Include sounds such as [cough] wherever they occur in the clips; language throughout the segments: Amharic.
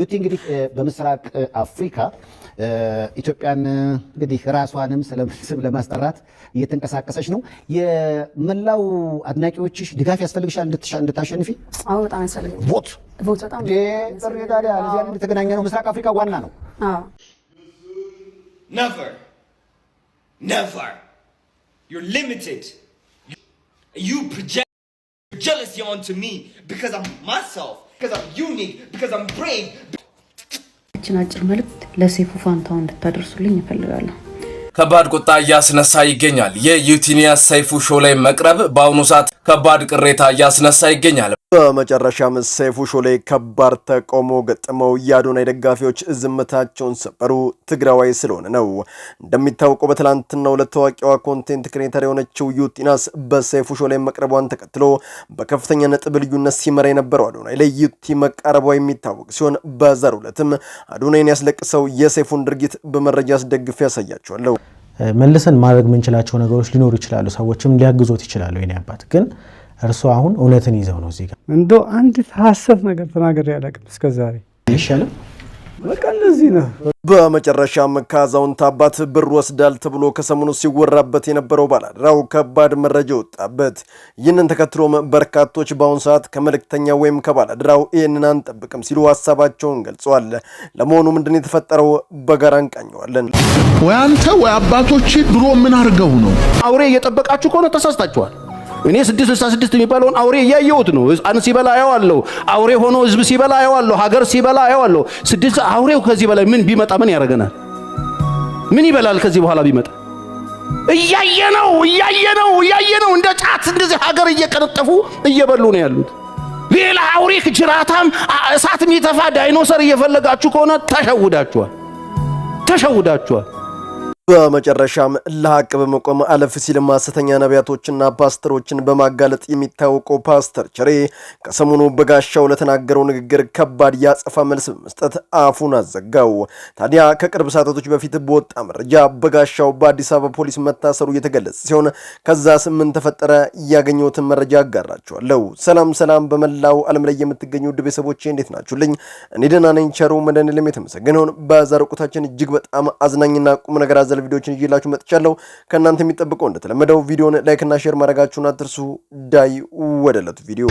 ዩቲ እንግዲህ በምስራቅ አፍሪካ ኢትዮጵያን እንግዲህ ራሷንም [laughs] ስም ለማስጠራት እየተንቀሳቀሰች ነው። የመላው አድናቂዎችሽ ድጋፍ ያስፈልግሻል እንድታሸንፊ? አዎ ቦት ቦት ነው። ምስራቅ አፍሪካ ዋና ነው። ነቨር ነቨር ዩር ሊሚትድ ዩ ፕሮጀክት jealousy onto me because I'm myself, because I'm unique, because I'm brave. ይችን አጭር መልእክት ለሴፉ ፋንታው እንድታደርሱልኝ እፈልጋለሁ። ከባድ ቁጣ እያስነሳ ይገኛል። የዩቲኒያ ሰይፉ ሾው ላይ መቅረብ በአሁኑ ሰዓት ከባድ ቅሬታ እያስነሳ ይገኛል። በመጨረሻም ሰይፉ ሾሌ ከባድ ተቃውሞ ገጥመው የአዶናይ ደጋፊዎች ዝምታቸውን ሰበሩ። ትግራዋይ ስለሆነ ነው። እንደሚታወቀው በትላንትናው ሁለት ታዋቂዋ ኮንቴንት ክሬተር የሆነችው ዩቲናስ በሰይፉ ሾሌ መቅረቧን ተከትሎ በከፍተኛ ነጥብ ልዩነት ሲመራ የነበረው አዶናይ ለዩቲ መቃረቧ የሚታወቅ ሲሆን በዛሬው ሁለትም አዶናይን ያስለቅሰው የሰይፉን ድርጊት በመረጃ አስደግፌ ያሳያቸዋለሁ። መልሰን ማድረግ የምንችላቸው ነገሮች ሊኖሩ ይችላሉ። ሰዎችም ሊያግዞት ይችላሉ። የኔ አባት ግን እርሱ አሁን እውነትን ይዘው ነው እዚህ ጋር እንደ አንድ ሀሰት ነገር ተናገር ያለቅም እስከዛሬ ይሻልም በቃ እንደዚህ ነው። በመጨረሻም ከአዛውንት አባት ብር ወስዳል ተብሎ ከሰሞኑ ሲወራበት የነበረው ባላደራው ከባድ መረጃ ወጣበት። ይህንን ተከትሎም በርካቶች በአሁኑ ሰዓት ከመልእክተኛ ወይም ከባላደራው ይህንን አንጠብቅም ሲሉ ሀሳባቸውን ገልጸዋል። ለመሆኑ ምንድን የተፈጠረው በጋራ እንቃኘዋለን። ወይ አንተ ወይ አባቶች ድሮ ምን አድርገው ነው አውሬ እየጠበቃችሁ ከሆነ ተሳስታችኋል። እኔ 666 የሚባለውን አውሬ እያየሁት ነው። ሕፃን ሲበላ አየዋለሁ። አውሬ ሆኖ ህዝብ ሲበላ አየዋለሁ። ሀገር ሲበላ አየዋለሁ። ስድስት አውሬው ከዚህ በላይ ምን ቢመጣ ምን ያደርገናል? ምን ይበላል ከዚህ በኋላ ቢመጣ? እያየ ነው እያየ ነው እያየ ነው። እንደ ጫት እንደዚህ ሀገር እየቀነጠፉ እየበሉ ነው ያሉት። ሌላ አውሬ ጅራታም እሳት የሚተፋ ዳይኖሰር እየፈለጋችሁ ከሆነ ተሸውዳችኋል፣ ተሸውዳችኋል። በመጨረሻም ለሀቅ በመቆም አለፍ ሲል ሐሰተኛ ነቢያቶችና ፓስተሮችን በማጋለጥ የሚታወቀው ፓስተር ቸሬ ከሰሞኑ በጋሻው ለተናገረው ንግግር ከባድ ያጸፋ መልስ በመስጠት አፉን አዘጋው። ታዲያ ከቅርብ ሰዓታቶች በፊት በወጣ መረጃ በጋሻው በአዲስ አበባ ፖሊስ መታሰሩ የተገለጸ ሲሆን ከዛ ምን ተፈጠረ? እያገኘሁትን መረጃ አጋራችኋለሁ። ሰላም ሰላም፣ በመላው ዓለም ላይ የምትገኙ ውድ ቤተሰቦቼ እንዴት ናችሁልኝ? እኔ ደህና ነኝ። ቸሩ መድኃኒዓለም የተመሰገነውን በዛሬው ቆይታችን እጅግ በጣም አዝናኝና ቁም ነገር አዘል መሰል ቪዲዮዎችን እየላችሁ መጥቻለሁ። ከእናንተ የሚጠብቀው እንደተለመደው ቪዲዮን ላይክና ሼር ማድረጋችሁን አትርሱ። ዳይ ወደለት ቪዲዮ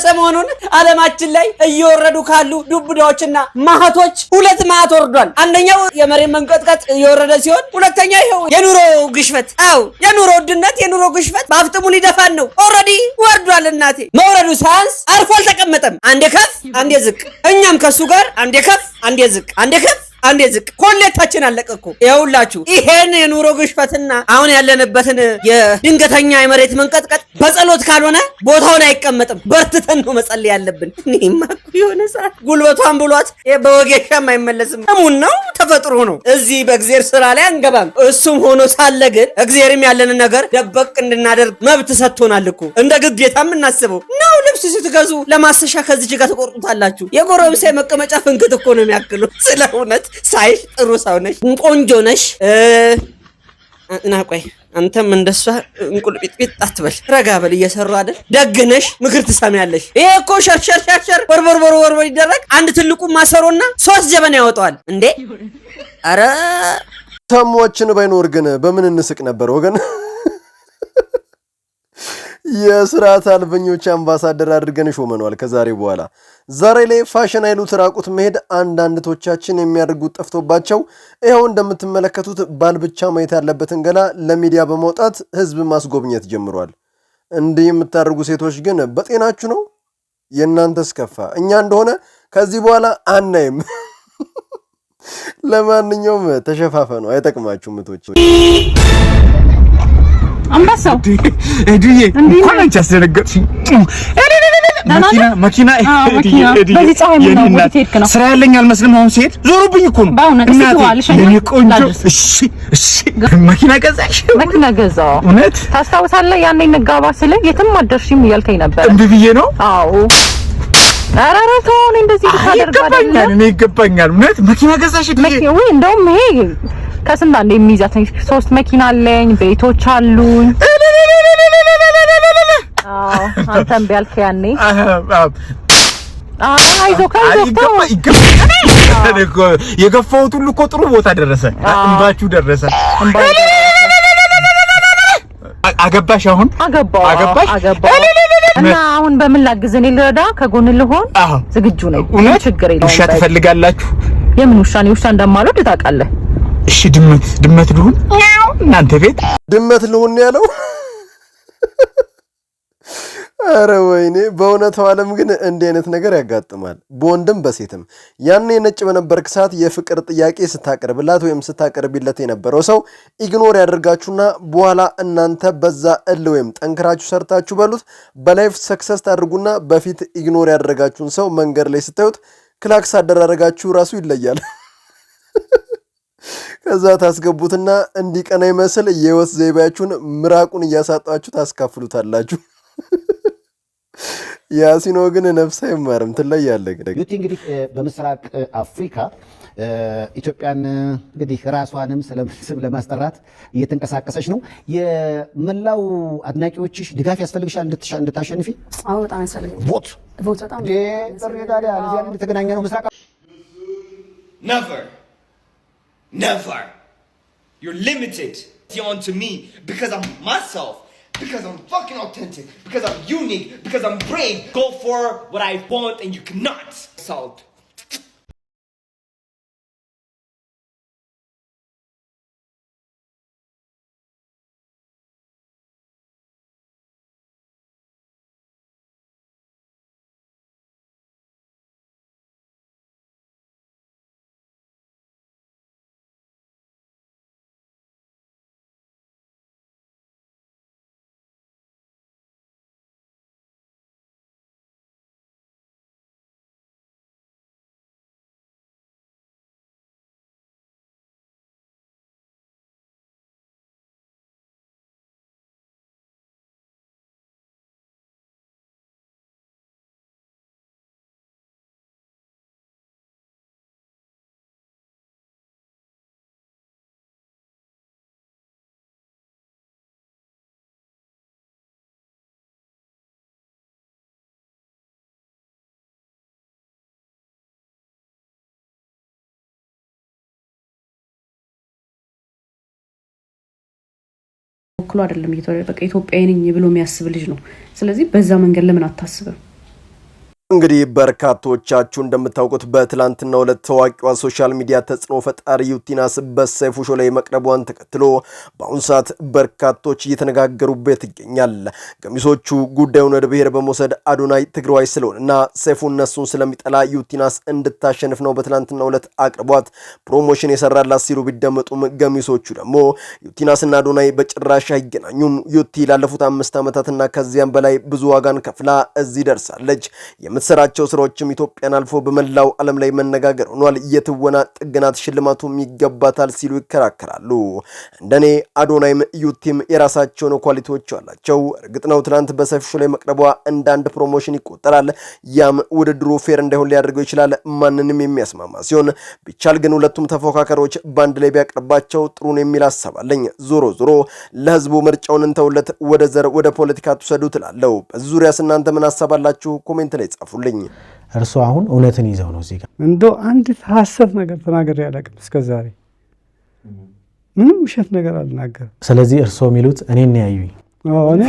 እየቀነሰ መሆኑን አለማችን ላይ እየወረዱ ካሉ ዱብዳዎችና ማህቶች ሁለት ማህት ወርዷል። አንደኛው የመሬት መንቀጥቀጥ እየወረደ ሲሆን፣ ሁለተኛ ይኸው የኑሮ ግሽበት። አዎ የኑሮ ውድነት፣ የኑሮ ግሽበት በአፍጥሙ ሊደፋን ነው። ኦልሬዲ ወርዷል። እናቴ መውረዱ ሳያንስ አርፎ አልተቀመጠም። አንዴ ከፍ አንዴ ዝቅ፣ እኛም ከሱ ጋር አንዴ ከፍ አንዴ ዝቅ፣ አንዴ ከፍ አንዴ ዝቅ ኮሌታችን አለቀ እኮ ይኸውላችሁ። ይሄን የኑሮ ግሽፈትና አሁን ያለንበትን የድንገተኛ የመሬት መንቀጥቀጥ በጸሎት ካልሆነ ቦታውን አይቀመጥም። በርትተን ነው መጸለይ ያለብን። እኔማ እኮ የሆነ ሰዓት ጉልበቷን ብሏት በወጌሻም አይመለስም። እሙን ነው ተፈጥሮ ነው። እዚህ በእግዜር ስራ ላይ አንገባም። እሱም ሆኖ ሳለ ግን እግዜርም ያለንን ነገር ደበቅ እንድናደርግ መብት ሰጥቶናል እኮ እንደ ግዴታ የምናስበው ነው። ልብስ ስትገዙ ለማሰሻ ከዚህ ጋር ተቆርጡታላችሁ የጎረምሳይ መቀመጫ ፍንክት እኮ ነው የሚያክሉ ስለ እውነት ሳይሽ ጥሩ ሰው ነሽ፣ ቆንጆ ነሽ። እና ቆይ አንተም እንደሷ አትበል፣ ረጋ በል። እየሰሩ አይደል? ምክር ትሰሚያለሽ። ይሄ እኮ ወርወርወር ወርወር ይደረግ አንድ ትልቁ ማሰሮና ሶስት ጀበና ያወጣዋል እንዴ! አረ ባይኖር ግን በምን እንስቅ ነበር ወገን። የስርዓት አልበኞች አምባሳደር አድርገን ሾመኗል። ከዛሬ በኋላ ዛሬ ላይ ፋሽን አይሉት ራቁት መሄድ አንዳንድቶቻችን የሚያደርጉት ጠፍቶባቸው ይኸው እንደምትመለከቱት ባል ብቻ ማየት ያለበትን ገላ ለሚዲያ በማውጣት ህዝብ ማስጎብኘት ጀምሯል። እንዲህ የምታደርጉ ሴቶች ግን በጤናችሁ ነው? የእናንተስ ከፋ። እኛ እንደሆነ ከዚህ በኋላ አናይም። ለማንኛውም ተሸፋፈኑ፣ አይጠቅማችሁም ምቶች አንበሳው ኤዱዬ እንኳን አንቺ አስደነገጥሽኝ። ያለኝ አልመስልም። አሁን ሲሄድ ዞሮብኝ እኮ ነው። ታስታውሳለህ? ያኔ እንጋባ ስልህ የትም አትደርሺም እያልከኝ ነበር። እምቢ ብዬ ነው። አዎ ኧረ ኧረ ተው፣ እኔ እንደዚህ ብታደርግ አይደለም። ይገባኛል። እውነት መኪና ገዛሽ? እንደውም ይሄ ከስንት አንድ የሚይዛት ሶስት መኪና አለኝ፣ ቤቶች አሉኝ። አንተም ቢያልክ ያኔ የገፋሁት ሁሉ እኮ ጥሩ ቦታ ደረሰ። እንባችሁ ደረሰ። አገባሽ አሁን አገባው አገባሽ እና አሁን በምን ላግዝ? እኔ ልረዳ ከጎን ልሆን ዝግጁ ነኝ። ችግር የለውም። ውሻ ትፈልጋላችሁ? የምን ውሻ? እኔ ውሻ እንደማልወድ ታውቃለህ። እሺ ድመት ልሁን እናንተ ቤት ድመት ልሁን ያለው። አረ ወይኔ! በእውነታው ዓለም ግን እንዲህ አይነት ነገር ያጋጥማል፣ በወንድም በሴትም። ያን ነጭ በነበርክ ሰዓት የፍቅር ጥያቄ ስታቀርብላት ወይም ስታቀርቢለት የነበረው ሰው ኢግኖር ያደርጋችሁና በኋላ እናንተ በዛ እል ወይም ጠንክራችሁ ሰርታችሁ በሉት በላይፍ ሰክሰስ ታድርጉና በፊት ኢግኖር ያደረጋችሁን ሰው መንገድ ላይ ስታዩት ክላክስ አደራረጋችሁ ራሱ ይለያል። ከዛ ታስገቡትና እንዲቀና ይመስል የወስ ዘይቤያችሁን ምራቁን እያሳጣችሁ ታስካፍሉታላችሁ። [laughs] ያሲኖ ግን ነፍስ አይማርም ትለያለ። ዩቲ እንግዲህ በምስራቅ አፍሪካ ኢትዮጵያን እንግዲህ ራሷንም ስም ለማስጠራት እየተንቀሳቀሰች ነው። የመላው አድናቂዎችሽ ድጋፍ ያስፈልግሻል እንድታሸንፊ። በጣም ቦት ቦት በጣም ጥሪ ታዲያ፣ ለዚያ ተገናኘ ነው ምስራቅ Never. You're limited onto me because I'm myself, because I'm fucking authentic, because I'm unique, because I'm brave. Go for what I want and you cannot. salt. ወክሎ አይደለም እየተወለደ በቃ ኢትዮጵያዊ ነኝ ብሎ የሚያስብ ልጅ ነው። ስለዚህ በዛ መንገድ ለምን አታስብም? እንግዲህ በርካቶቻችሁ እንደምታውቁት በትላንትና ሁለት ታዋቂዋ ሶሻል ሚዲያ ተጽዕኖ ፈጣሪ ዩቲናስ በሰይፉ ሾው ላይ መቅረቧን ተከትሎ በአሁኑ ሰዓት በርካቶች እየተነጋገሩበት ይገኛል። ገሚሶቹ ጉዳዩን ወደ ብሔር በመውሰድ አዶናይ ትግራዋይ ስለሆነና ሰይፉ እነሱን ስለሚጠላ ዩቲናስ እንድታሸንፍ ነው በትላንትና ሁለት አቅርቧት ፕሮሞሽን የሰራላት ሲሉ ቢደመጡም ገሚሶቹ ደግሞ ዩቲናስና አዶናይ በጭራሽ አይገናኙም፣ ዩቲ ላለፉት አምስት ዓመታትና ከዚያም በላይ ብዙ ዋጋን ከፍላ እዚህ ደርሳለች በምትሰራቸው ስራዎችም ኢትዮጵያን አልፎ በመላው ዓለም ላይ መነጋገር ሆኗል። የትወና ጥግናት ሽልማቱም ይገባታል ሲሉ ይከራከራሉ። እንደኔ አዶናይም ዩቲም የራሳቸውን ኳሊቲዎች አላቸው። እርግጥ ነው ትናንት በሰፊሹ ላይ መቅረቧ እንደ አንድ ፕሮሞሽን ይቆጠራል። ያም ውድድሩ ፌር እንዳይሆን ሊያደርገው ይችላል፣ ማንንም የሚያስማማ ሲሆን ቢቻል ግን ሁለቱም ተፎካካሪዎች በአንድ ላይ ቢያቀርባቸው ጥሩን የሚል አሳባለኝ። ዞሮ ዞሮ ለህዝቡ ምርጫውን እንተውለት፣ ወደ ዘር ወደ ፖለቲካ ትውሰዱ ትላለው። በዚህ ዙሪያስ እናንተ ምን አሳባላችሁ? ኮሜንት ላይ ጻፉ። ጻፉልኝ። እርሱ አሁን እውነትን ይዘው ነው እዚህ ጋር እንዶ አንድ ሐሰት ነገር ተናገር አላውቅም እስከዛሬ ምንም ውሸት ነገር አልናገርም። ስለዚህ እርስዎ የሚሉት እኔን ያዩኝ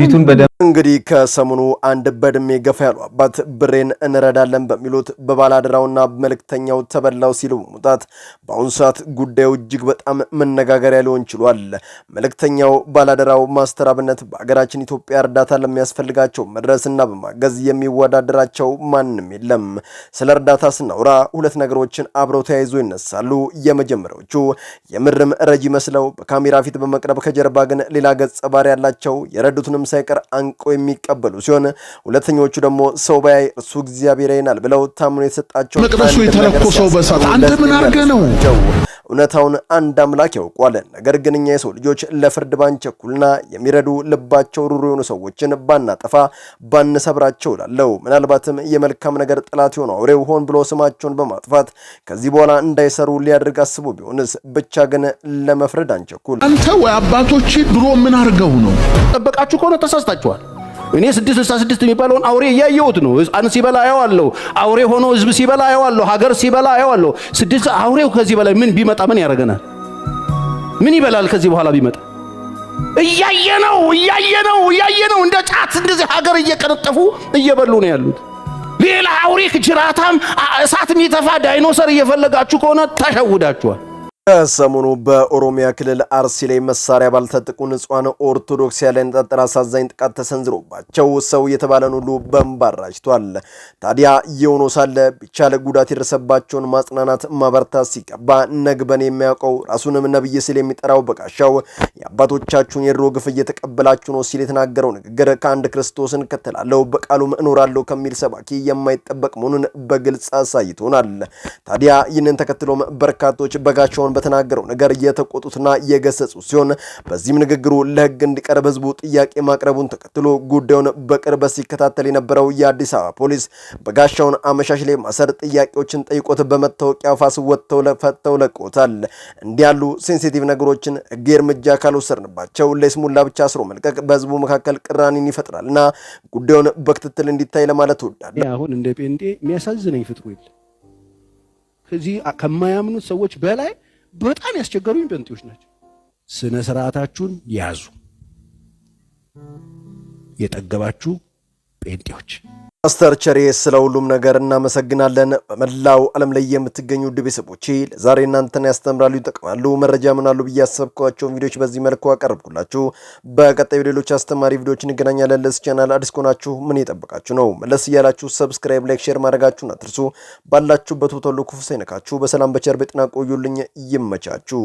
ፊቱን በደ እንግዲህ ከሰሞኑ አንድ በድሜ ገፋ ያሉ አባት ብሬን እንረዳለን በሚሉት በባላደራውና መልእክተኛው ተበላው ሲሉ በመውጣት በአሁኑ ሰዓት ጉዳዩ እጅግ በጣም መነጋገሪያ ሊሆን ችሏል። መልእክተኛው ባላደራው ማስተር አብነት በሀገራችን ኢትዮጵያ እርዳታ ለሚያስፈልጋቸው መድረስና በማገዝ የሚወዳደራቸው ማንም የለም። ስለ እርዳታ ስናውራ ሁለት ነገሮችን አብረው ተያይዞ ይነሳሉ። የመጀመሪያዎቹ የምርም ረጂ መስለው በካሜራ ፊት በመቅረብ ከጀርባ ግን ሌላ ገጸ ባህሪ ያላቸው የረዱትንም ሳይቀር አን አድንቆ የሚቀበሉ ሲሆን ሁለተኞቹ ደግሞ ሰው ባያይ እርሱ እግዚአብሔር ይናል ብለው ታምኖ የሰጣቸው መቅደሱ የተለኮሰው በሳት አንተ ምን ነው? እውነታውን አንድ አምላክ ያውቋል። ነገር ግን እኛ የሰው ልጆች ለፍርድ ባንቸኩልና የሚረዱ ልባቸው ሩሩ የሆኑ ሰዎችን ባናጠፋ ባንሰብራቸው ላለው ምናልባትም የመልካም ነገር ጠላት የሆኑ አውሬው ሆን ብሎ ስማቸውን በማጥፋት ከዚህ በኋላ እንዳይሰሩ ሊያደርግ አስቦ ቢሆንስ ብቻ ግን ለመፍረድ አንቸኩል። አንተ ወይ አባቶች ድሮ ምን አድርገው ነው ጠበቃችሁ ከሆነ ተሳስታችኋል። እኔ ስድስት ስድስት የሚባለውን አውሬ እያየሁት ነው። ሕፃን ሲበላ አየዋለሁ። አውሬ ሆኖ ህዝብ ሲበላ አየዋለሁ። ሀገር ሲበላ አየዋለሁ። ስድስት አውሬው ከዚህ በላይ ምን ቢመጣ ምን ያደርገናል? ምን ይበላል ከዚህ በኋላ ቢመጣ? እያየ ነው እያየ ነው እያየ ነው። እንደ ጫት እንደዚህ ሀገር እየቀነጠፉ እየበሉ ነው ያሉት። ሌላ አውሬ ጅራታም እሳት የሚተፋ ዳይኖሰር እየፈለጋችሁ ከሆነ ተሸውዳችኋል። ከሰሞኑ በኦሮሚያ ክልል አርሲ ላይ መሳሪያ ባልተጠቁ ንጹሃን ኦርቶዶክስ ያለ ያነጣጠረ አሳዛኝ ጥቃት ተሰንዝሮባቸው ሰው የተባለን ሁሉ በንባራጅቷል። አራጅቷል። ታዲያ የሆኖ ሳለ ብቻ ጉዳት የደረሰባቸውን ማጽናናት ማበርታት ሲገባ ነግበን የሚያውቀው ራሱንም ነብይ ሲል የሚጠራው በጋሻው የአባቶቻችሁን የድሮ ግፍ እየተቀበላችሁ ነው ሲል የተናገረው ንግግር ከአንድ ክርስቶስን ከተላለው በቃሉም እኖራለሁ ከሚል ሰባኪ የማይጠበቅ መሆኑን በግልጽ አሳይቶናል። ታዲያ ይህንን ተከትሎም በርካቶች በጋሻውን መሆኑን በተናገረው ነገር እየተቆጡትና እየገሰጹ ሲሆን በዚህም ንግግሩ ለህግ እንዲቀርብ ህዝቡ ጥያቄ ማቅረቡን ተከትሎ ጉዳዩን በቅርበት ሲከታተል የነበረው የአዲስ አበባ ፖሊስ በጋሻውን አመሻሽ ላይ ማሰር ጥያቄዎችን ጠይቆት በመታወቂያ ፋስ ወጥተው ፈተው ለቆታል። እንዲህ ያሉ ሴንሲቲቭ ነገሮችን ህግ እርምጃ ካልወሰድንባቸው ለስሙላ ብቻ አስሮ መልቀቅ በህዝቡ መካከል ቅራኔን ይፈጥራልና ጉዳዩን በክትትል እንዲታይ ለማለት እወዳለሁ። አሁን እንደ ጴንጤ የሚያሳዝነኝ ፍጥሩ ከዚህ ከማያምኑት ሰዎች በላይ በጣም ያስቸገሩኝ ጴንጤዎች ናቸው። ስነ ስርዓታችሁን ያዙ። የጠገባችሁ ጴንጤዎች ፓስተር ቸሬ ስለ ሁሉም ነገር እናመሰግናለን። በመላው ዓለም ላይ የምትገኙ ውድ ቤተሰቦቼ ለዛሬ እናንተን ያስተምራሉ፣ ይጠቅማሉ፣ መረጃ ምናሉ ብዬ ያሰብኳቸውን ቪዲዮዎች በዚህ መልኩ አቀርብኩላችሁ። በቀጣይ ሌሎች አስተማሪ ቪዲዮዎች እንገናኛለን። ለስ ቻናል አዲስ ከሆናችሁ ምን እየጠበቃችሁ ነው? መለስ እያላችሁ ሰብስክራይብ፣ ላይክ፣ ሼር ማድረጋችሁን አትርሱ። ባላችሁበት ሁሉ ክፉ ሳይነካችሁ በሰላም በቸር በጤና ቆዩልኝ። ይመቻችሁ።